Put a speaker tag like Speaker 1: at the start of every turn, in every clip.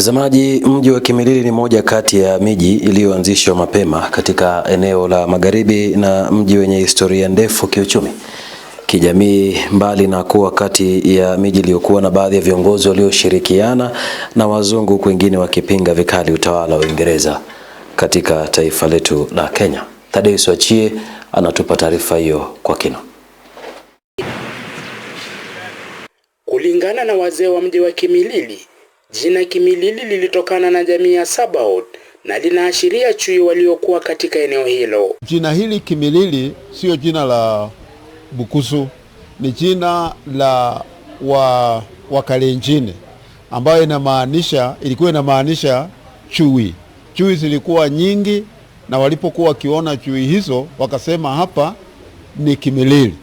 Speaker 1: Mtazamaji, mji wa Kimilili ni moja kati ya miji iliyoanzishwa mapema katika eneo la Magharibi na mji wenye historia ndefu kiuchumi, kijamii, mbali na kuwa kati ya miji iliyokuwa na baadhi ya viongozi walioshirikiana na wazungu, kwingine wakipinga vikali utawala wa Uingereza katika taifa letu la Kenya. Thaddeus Wachie anatupa taarifa hiyo kwa kina.
Speaker 2: Kulingana na wazee wa mji wa Kimilili Jina Kimilili lilitokana na jamii ya Sabaot na linaashiria chui waliokuwa katika eneo hilo.
Speaker 3: Jina hili Kimilili siyo jina la Bukusu, ni jina la wa Wakalenjini ambayo inamaanisha ilikuwa inamaanisha chui. Chui zilikuwa nyingi, na walipokuwa wakiona chui hizo wakasema hapa ni Kimilili.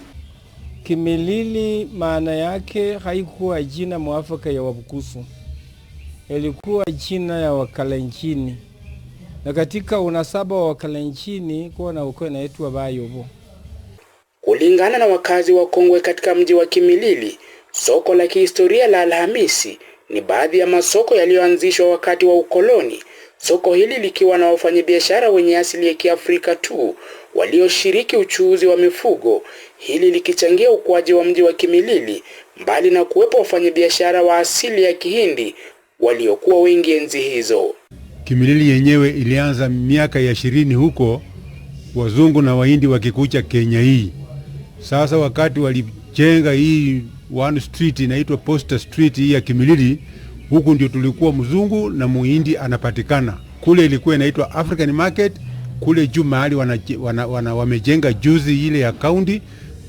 Speaker 4: Kimilili maana yake haikuwa jina mwafaka ya Wabukusu ilikuwa jina ya Wakalenjini, na katika unasaba wa Wakalenjini kuwa na ukoo inaitwa Bayobo.
Speaker 2: Kulingana na wakazi wa kongwe katika mji wa Kimilili, soko la kihistoria la Alhamisi ni baadhi ya masoko yaliyoanzishwa wakati wa ukoloni, soko hili likiwa na wafanyabiashara wenye asili ya Kiafrika tu walioshiriki uchuuzi wa mifugo, hili likichangia ukuaji wa mji wa Kimilili, mbali na kuwepo wafanyabiashara wa asili ya Kihindi waliokuwa wengi enzi hizo.
Speaker 3: Kimilili yenyewe ilianza miaka ya ishirini huko, wazungu na wahindi wakikucha Kenya hii. Sasa wakati walijenga hii one street inaitwa Poster Street hii ya Kimilili, huku ndio tulikuwa mzungu na muhindi anapatikana kule. Ilikuwa inaitwa African Market kule juu mahali wana, wana, wana, wamejenga juzi ile ya kaunti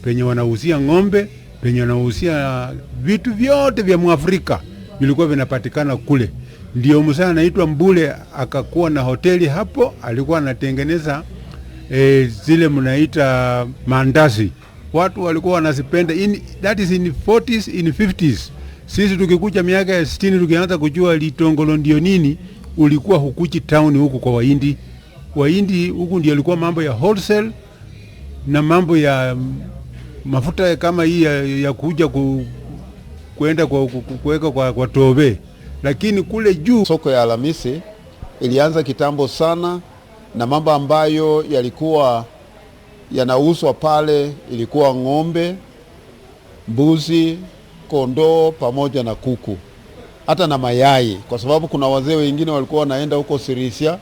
Speaker 3: penye wanauzia ng'ombe penye wanauzia vitu vyote vya Mwafrika vilikuwa vinapatikana kule. Ndio msa anaitwa Mbule akakuwa na hoteli hapo, alikuwa anatengeneza e, zile mnaita mandazi, watu walikuwa wanazipenda in, that is in 40s in 50s. Sisi tukikucha miaka ya 60 tukianza kujua litongolo ndio nini, ulikuwa hukuchi town huku kwa Wahindi. Wahindi huku ndio alikuwa mambo ya wholesale na mambo ya mm, mafuta kama hii ya, ya kuja ku, kwenda kuweka kwa, kwa tobe, lakini kule juu soko ya Alhamisi ilianza kitambo sana, na mambo ambayo yalikuwa yanauzwa pale ilikuwa ng'ombe, mbuzi, kondoo pamoja na kuku, hata na mayai, kwa sababu kuna wazee wengine walikuwa wanaenda huko Sirisia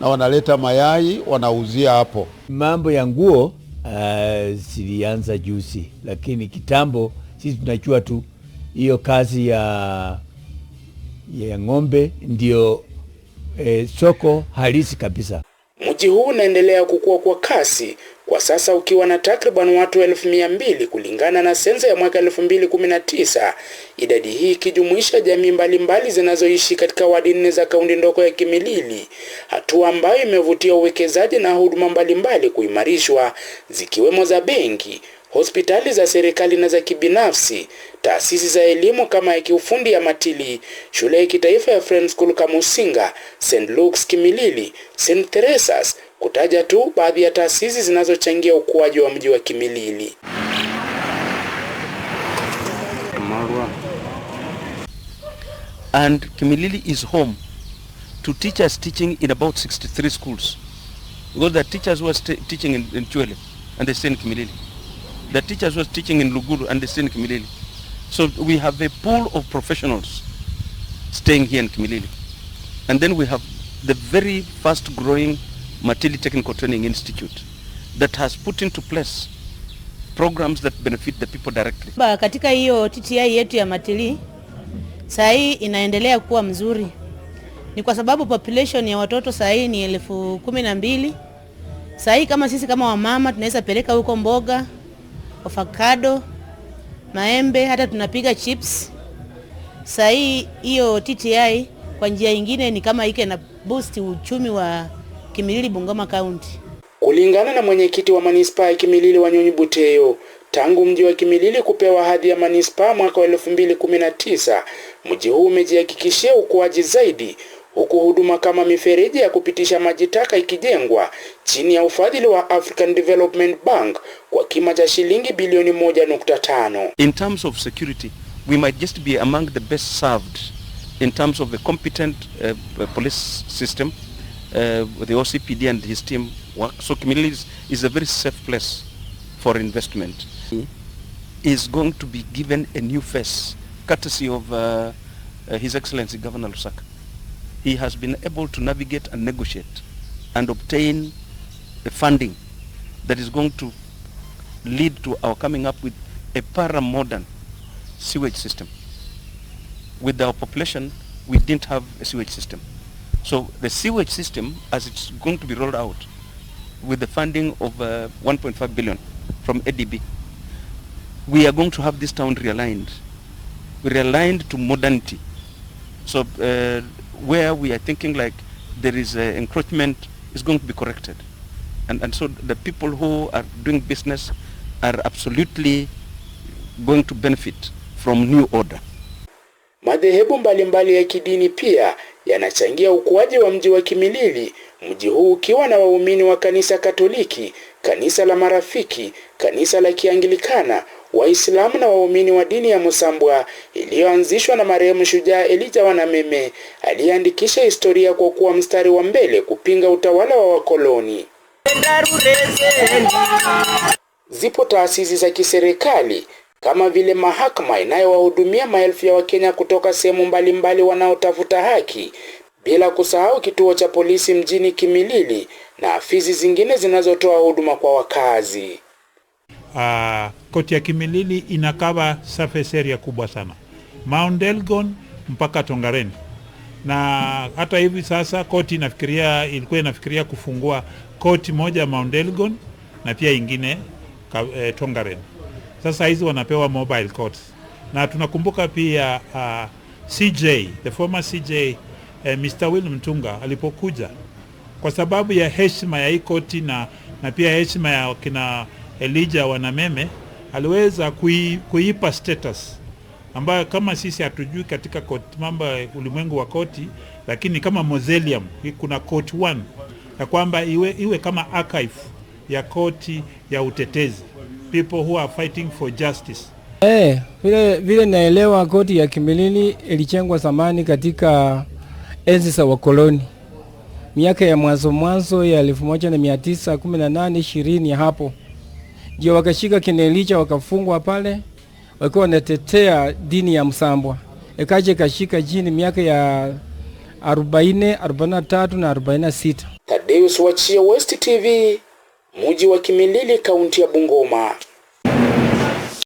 Speaker 3: na wanaleta mayai wanauzia hapo.
Speaker 5: Mambo ya nguo uh, zilianza juzi, lakini kitambo sisi tunajua tu hiyo kazi ya, ya ng'ombe ndio e, soko halisi kabisa.
Speaker 2: Mji huu unaendelea kukua kwa kasi kwa sasa ukiwa na takriban watu elfu mia mbili kulingana na sensa ya mwaka 2019, idadi hii ikijumuisha jamii mbalimbali zinazoishi katika wadi nne za kaunti ndogo ya Kimilili, hatua ambayo imevutia uwekezaji na huduma mbalimbali kuimarishwa zikiwemo za benki hospitali za serikali na za kibinafsi, taasisi za elimu kama ya kiufundi ya Matili, shule ya kitaifa ya Friends School Kamusinga, St Luke's Kimilili, St Teresa's, kutaja tu baadhi ya taasisi zinazochangia ukuaji wa mji wa Kimilili.
Speaker 6: And Kimilili is home to teachers teaching in about 63 schools because the teachers who are teaching in, in Chwele and they stay in Kimilili The teachers was teaching in Luguru and they in Kimilili. So we have a pool of professionals staying here in Kimilili. And then we have the very fast growing Matili Technical Training Institute that has put into place programs that benefit the people directly.
Speaker 7: Ba, katika hiyo TTI yetu ya Matili saa hii inaendelea kuwa mzuri, ni kwa sababu population ya watoto saa hii ni elfu kumi na mbili. Saa hii kama sisi kama wamama tunaweza peleka huko mboga avocado, maembe, hata tunapiga chips. Saa hii hiyo TTI kwa njia nyingine ni kama ike na boost uchumi wa Kimilili Bungoma County.
Speaker 2: Kulingana na mwenyekiti wa manispaa ya Kimilili Wanyonyi Buteyo, tangu mji wa Kimilili kupewa hadhi ya manispaa mwaka wa 2019, mji huu umejihakikishia ukuaji zaidi huku huduma kama mifereji ya kupitisha maji taka ikijengwa chini ya ufadhili wa African Development Bank kwa kima cha shilingi bilioni 1.5.
Speaker 6: In terms of security, we might just be among the best served in terms of the competent uh, uh police system. Uh, the OCPD and his team work. So Kimilili is, is a very safe place for investment. He Is going to be given a new face courtesy of uh, uh, His Excellency Governor Lusaka. he has been able to navigate and negotiate and obtain the funding that is going to lead to our coming up with a para-modern sewage system. With our population, we didn't have a sewage system. So the sewage system, as it's going to be rolled out, with the funding of uh, 1.5 billion from ADB, we are going to have this town realigned, realigned to modernity. So uh, where we are thinking like there is a encroachment is going to be corrected and, and so the people who are doing business are absolutely going to benefit from new order.
Speaker 2: Madhehebu mbalimbali ya kidini pia yanachangia ukuaji wa mji wa Kimilili, mji huu ukiwa na waumini wa kanisa Katoliki, kanisa la Marafiki, kanisa la Kianglikana, Waislamu na waumini wa dini ya Musambwa iliyoanzishwa na marehemu shujaa Elijah Wanameme aliyeandikisha historia kwa kuwa mstari wa mbele kupinga utawala wa wakoloni. Zipo taasisi za kiserikali kama vile mahakama inayowahudumia maelfu ya Wakenya kutoka sehemu mbalimbali wanaotafuta haki, bila kusahau kituo cha polisi mjini Kimilili na afisi zingine zinazotoa huduma kwa wakazi
Speaker 8: uh, koti ya Kimilili inakava surface area kubwa sana, Mount Elgon mpaka Tongareni na hata hivi sasa koti inafikiria ilikuwa inafikiria kufungua koti moja Mount Elgon na pia ingine e, Tongaren. Sasa hizi wanapewa mobile courts, na tunakumbuka pia uh, ah, CJ the former CJ eh, Mr. Will Mtunga alipokuja, kwa sababu ya heshima ya hii koti na, na pia heshima ya kina Elijah Wanameme aliweza kui, kuipa status ambayo kama sisi hatujui katika koti, mambo ya ulimwengu wa koti, lakini kama mausoleum kuna koti one ya kwamba iwe, iwe kama archive ya koti ya utetezi, people who are fighting for justice.
Speaker 9: Eh, vile, vile naelewa koti ya Kimilili ilichengwa zamani katika enzi za wakoloni miaka ya mwanzo mwanzo ya 1918 20 hapo ndio wakashika Kinelicha wakafungwa pale, wakiwa wanatetea dini ya Msambwa. Ikaja ikashika jini miaka ya 40, 43 na 46.
Speaker 2: Tadeus Wachia, West TV, muji wa Kimilili, kaunti ya Bungoma.